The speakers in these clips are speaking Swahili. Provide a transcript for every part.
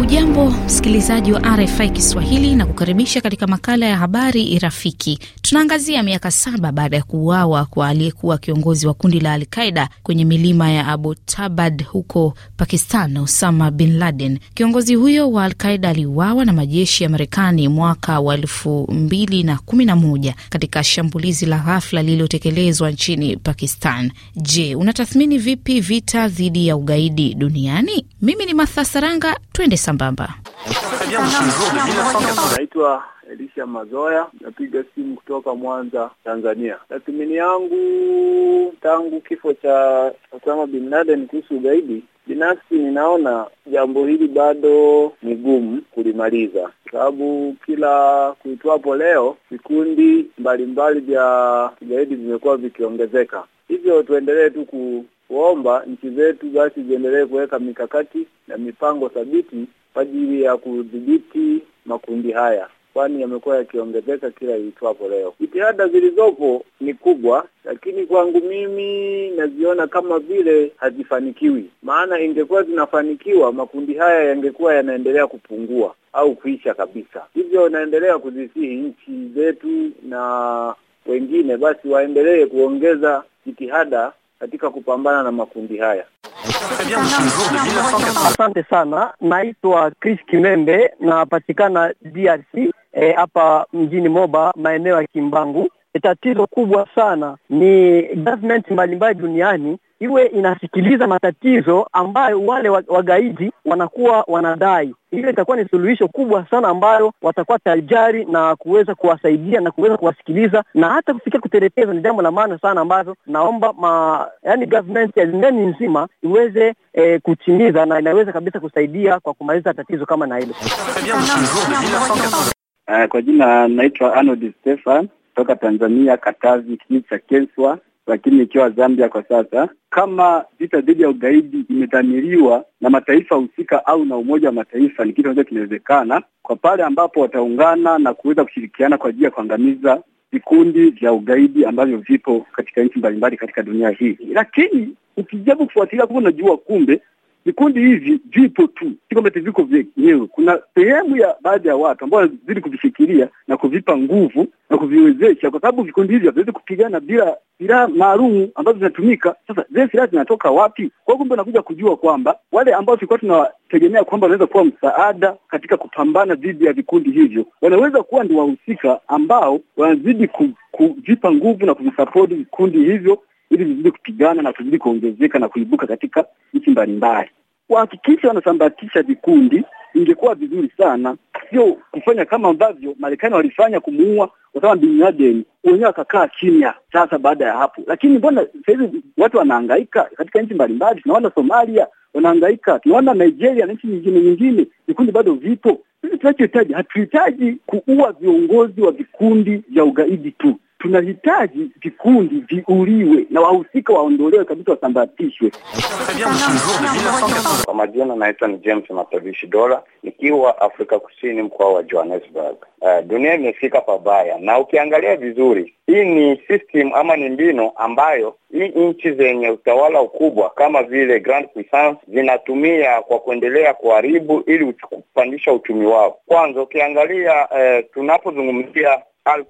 ujambo msikilizaji wa RFI Kiswahili na kukaribisha katika makala ya habari rafiki. Tunaangazia miaka saba baada ya kuuawa kwa aliyekuwa kiongozi wa kundi la Alqaida kwenye milima ya Tabad huko Pakistan, Osama bin Laden. Kiongozi huyo wa Alqaida aliuawa na majeshi ya Marekani mwaka wa elfu mbili na kumi na moja katika shambulizi la ghafla lililotekelezwa nchini Pakistan. Je, unatathmini vipi vita dhidi ya ugaidi duniani? Mimi ni Mathasaranga, twende sambamba. Naitwa Elisha Mazoya, napiga simu kutoka Mwanza, Tanzania. Tathmini yangu tangu kifo cha Osama bin Laden kuhusu ugaidi, binafsi ninaona jambo hili bado ni gumu kulimaliza, sababu kila kuitwapo leo vikundi mbalimbali vya kigaidi vimekuwa vikiongezeka, hivyo tuendelee tu ku kuomba nchi zetu basi ziendelee kuweka mikakati na mipango thabiti kwa ajili ya kudhibiti makundi haya kwani yamekuwa yakiongezeka kila iitwapo leo. Jitihada zilizopo ni kubwa, lakini kwangu mimi naziona kama vile hazifanikiwi. Maana ingekuwa zinafanikiwa, makundi haya yangekuwa yanaendelea kupungua au kuisha kabisa. Hivyo naendelea kuzisihi nchi zetu na wengine basi waendelee kuongeza jitihada katika kupambana na makundi haya. Asante sana, naitwa Chris Kimembe, napatikana DRC e, hapa e, mjini Moba, maeneo ya Kimbangu. Tatizo kubwa sana ni government mbalimbali duniani iwe inasikiliza matatizo ambayo wale wagaidi wanakuwa wanadai. Hiyo itakuwa ni suluhisho kubwa sana ambayo watakuwa tajari na kuweza kuwasaidia na kuweza kuwasikiliza na hata kufikia kuterekeza Ni jambo la maana sana ambazo naomba ma, yani government ya ndani nzima iweze e, kutimiza na inaweza kabisa kusaidia kwa kumaliza tatizo kama na hilo. Uh, kwa jina naitwa Arnold Stefan toka Tanzania, Katavi, kijiji cha Kenswa lakini ikiwa Zambia kwa sasa, kama vita dhidi ya ugaidi imedhamiriwa na mataifa husika au na Umoja wa Mataifa, ni kitu ambacho kinawezekana kwa pale ambapo wataungana na kuweza kushirikiana kwa ajili ya kuangamiza vikundi vya ugaidi ambavyo vipo katika nchi mbalimbali katika dunia hii. Lakini ukijabu kufuatilia, unajua kumbe Vikundi hivi vipo tu, si eti viko vyenyewe. Kuna sehemu ya baadhi ya watu ambao wanazidi kuvifikiria na kuvipa nguvu na kuviwezesha, kwa sababu vikundi hivi haviwezi kupigana bila silaha maalumu ambazo zinatumika. Sasa zile silaha zinatoka wapi? Kwa hiyo kumbe unakuja kujua kwamba wale ambao tulikuwa tunawategemea kwamba wanaweza kuwa msaada katika kupambana dhidi ya vikundi hivyo, wanaweza kuwa ndio wahusika ambao wanazidi kuvipa nguvu na kuvisapoti vikundi hivyo ili vizidi kupigana na kuzidi kuongezeka na kuibuka katika nchi mbalimbali. Wahakikisha wanasambatisha vikundi, ingekuwa vizuri sana, sio kufanya kama ambavyo Marekani walifanya kumuua Osama bin Laden, wenyewe wakakaa kimya. Sasa baada ya hapo, lakini mbona sahizi watu wanaangaika katika nchi mbalimbali? Tunaona Somalia wanaangaika tunaona Nigeria na nchi nyingine nyingine, vikundi bado vipo. Sisi tunachohitaji, hatuhitaji kuua viongozi wa vikundi vya ugaidi tu tunahitaji vikundi viuliwe na wahusika waondolewe kabisa, wasambatishwe. Kwa majina naitwa ni James Matabishi Dola, nikiwa Afrika Kusini, mkoa wa Johannesburg. Uh, dunia imefika pabaya, na ukiangalia vizuri, hii ni system ama ni mbinu ambayo hii nchi zenye utawala ukubwa kama vile Grand Puissance zinatumia kwa kuendelea kuharibu ili kupandisha uchumi wao. Kwanza ukiangalia, uh, tunapozungumzia al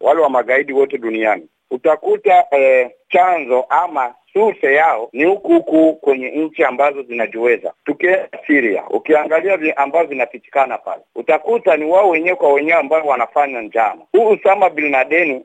wale wa magaidi wote duniani utakuta eh, chanzo ama suse yao ni huku huku kwenye nchi ambazo zinajiweza. Tukienda siria ukiangalia ambazo zinapitikana pale, utakuta ni wao wenyewe kwa wenyewe ambao wanafanya njama. Huu Usama binadeni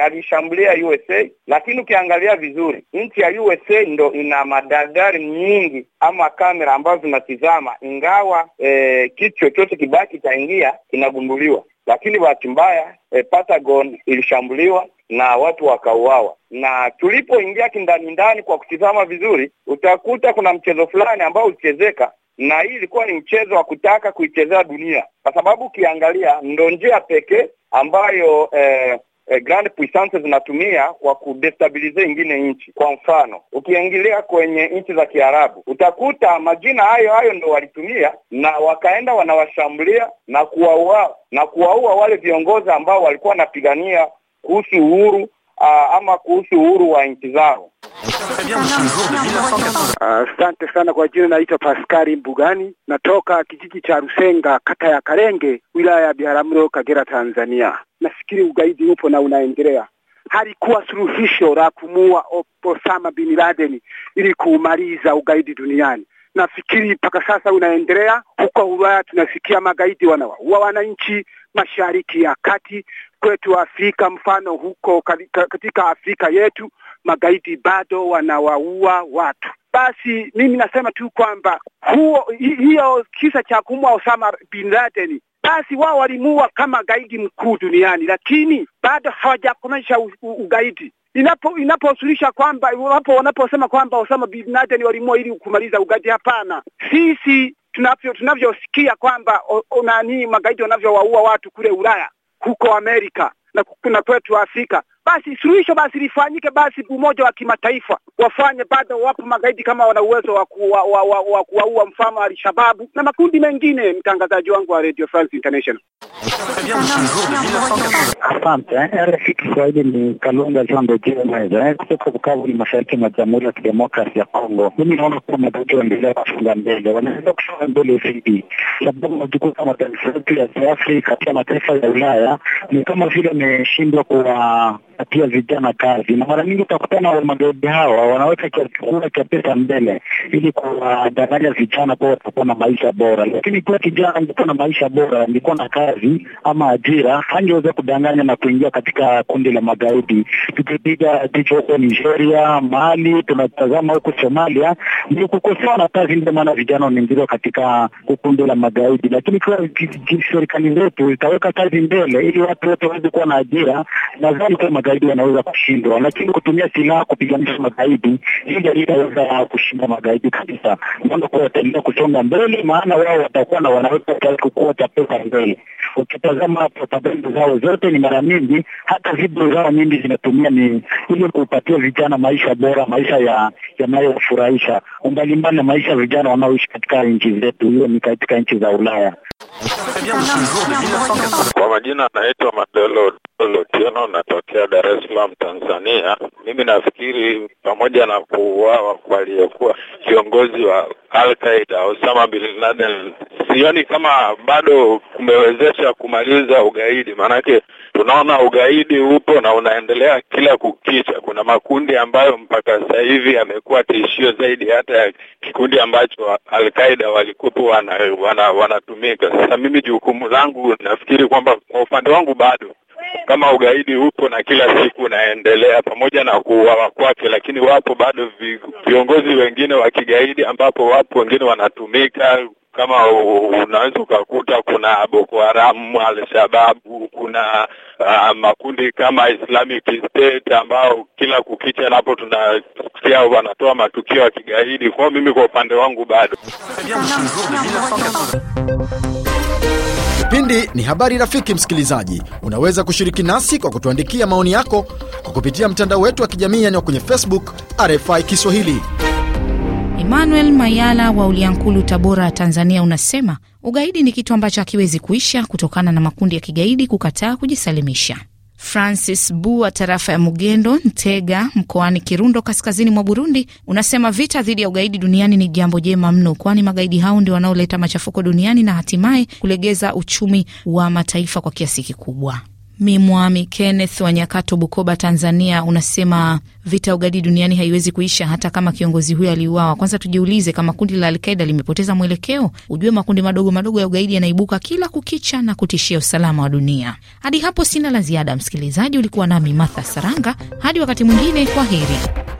alishambulia ali, ali USA, lakini ukiangalia vizuri nchi ya USA ndo ina madardari nyingi ama kamera ambazo zinatizama, ingawa eh, kitu chochote kibaki chaingia kinagunduliwa lakini bahati mbaya eh, Patagon ilishambuliwa na watu wakauawa. Na tulipoingia kindani ndani kwa kutizama vizuri, utakuta kuna mchezo fulani ambao ulichezeka, na hii ilikuwa ni mchezo wa kutaka kuichezea dunia, kwa sababu ukiangalia ndo njia pekee ambayo eh, eh, grand puissance zinatumia kwa kudestabilize ingine nchi. Kwa mfano, ukiingilia kwenye nchi za Kiarabu utakuta majina hayo hayo ndo walitumia na wakaenda wanawashambulia na kuwaua na kuwaua wale viongozi ambao walikuwa wanapigania kuhusu uhuru, aa, ah, ama kuhusu uhuru wa nchi zao. Asante sana kwa jina, naitwa Paskari Mbugani, natoka kijiji cha Rusenga, kata ya Karenge, wilaya ya Biharamulo, Kagera, Tanzania. Nafikiri ugaidi upo na unaendelea, halikuwa suluhisho la kumua Osama bin Laden ili kuumaliza ugaidi duniani. Nafikiri mpaka sasa unaendelea huko Ulaya, tunasikia magaidi wanawaua wananchi mashariki ya kati, kwetu Afrika, mfano huko katika Afrika yetu magaidi bado wanawaua watu. Basi mimi nasema tu kwamba huo hiyo kisa cha kumua Osama bin Laden, basi wao walimuua kama gaidi mkuu duniani, lakini bado hawajakomesha ugaidi inapo inaposulisha kwamba wapo wanaposema kwamba Osama bin Laden walimua ili kumaliza ugaidi. Hapana, sisi tunavyo tunavyosikia kwamba nani magaidi wanavyowaua watu kule Ulaya, huko Amerika na kuna kwetu Afrika, basi suluhisho basi lifanyike, basi umoja wa kimataifa wafanye. Bado wapo magaidi kama wana uwezo wa kuwaua wa, wa, wa, wa mfano Alshababu na makundi mengine. Mtangazaji wangu wa Radio France International, asante RFI Kiswahili. Ni Kalunga Jambo Jumeza kutoka Bukavu, ni mashariki mwa Jamhuri ya Kidemokrasi ya congo Mimi naona kuwa magaidi waendelea kufunga mbele, wanaendelea kufunga mbele zaidi, sababu najikuta mataifa yetu ya kiafrika pia mataifa ya Ulaya ni kama vile ameshindwa kuwa pia vijana kazi, na mara nyingi utakutana wa magaidi hawa wanaweka chakula cha pesa mbele ili kuwadanganya vijana kuwa watakuwa na maisha bora, lakini kuwa kijana angekuwa na maisha bora, angekuwa na kazi ama ajira, hangeweza kudanganya na kuingia katika kundi la magaidi. Tukipiga jicho huko Nigeria, Mali, tunatazama huko Somalia, ni kukosewa na kazi, ndio maana vijana wanaingizwa katika kundi la magaidi. Lakini kwa serikali zetu itaweka kazi mbele ili watu wote waweze kuwa na ajira, nadhani kwa magaidi magaidi wanaweza kushindwa, lakini kutumia silaha kupiganisha magaidi, hili halitaweza kushinda magaidi kabisa. Maana kuwa wataendelea kusonga mbele, maana wao watakuwa na wanaweza kuwa tapeka mbele. Ukitazama propaganda zao zote ni mara mingi, hata video zao nyingi zinatumia ni ili kupatia vijana maisha bora, maisha ya yanayofurahisha, umbali mbali na maisha vijana wanaoishi katika nchi zetu, hiyo ni katika nchi za Ulaya. Kwa majina anaitwa Madelo Otieno, natokea Dar es Salaam, Tanzania. Mimi nafikiri pamoja na kuuawa kwa aliyekuwa kiongozi wa Al Qaida Osama bin Laden, sioni kama bado kumewezesha kumaliza ugaidi, maanake tunaona ugaidi upo na unaendelea kila kukicha. Kuna makundi ambayo mpaka sasa hivi yamekuwa tishio zaidi hata ya kikundi ambacho Al Qaida walikuwa wana, wana, wanatumika. Sasa mimi jukumu langu nafikiri kwamba kwa upande wangu bado kama ugaidi upo na kila siku unaendelea pamoja na kuuawa kwake, lakini wapo bado viongozi wengine wa kigaidi, ambapo wapo wengine wanatumika kama unaweza ukakuta kuna Boko Haram, al kuna uh, makundi kama Islamic State ambao kila kukicha napo tunasikia wanatoa matukio ya kigaidi. Kwa mimi kwa upande wangu bado Kipindi ni habari rafiki. Msikilizaji, unaweza kushiriki nasi kwa kutuandikia maoni yako kwa kupitia mtandao wetu wa kijamii yani kwenye Facebook RFI Kiswahili. Emmanuel Mayala wa Uliankulu, Tabora, Tanzania, unasema ugaidi ni kitu ambacho hakiwezi kuisha kutokana na makundi ya kigaidi kukataa kujisalimisha. Francis Bu wa tarafa ya Mugendo, Ntega, mkoani Kirundo, kaskazini mwa Burundi, unasema vita dhidi ya ugaidi duniani ni jambo jema mno, kwani magaidi hao ndio wanaoleta machafuko duniani na hatimaye kulegeza uchumi wa mataifa kwa kiasi kikubwa. Mimwami Kenneth wa Nyakato, Bukoba, Tanzania, unasema vita ugaidi duniani haiwezi kuisha hata kama kiongozi huyo aliuawa. Kwanza tujiulize kama kundi la Alqaida limepoteza mwelekeo. Ujue makundi madogo madogo ya ugaidi yanaibuka kila kukicha na kutishia usalama wa dunia. Hadi hapo sina la ziada, msikilizaji. Ulikuwa nami Martha Saranga, hadi wakati mwingine, kwa heri.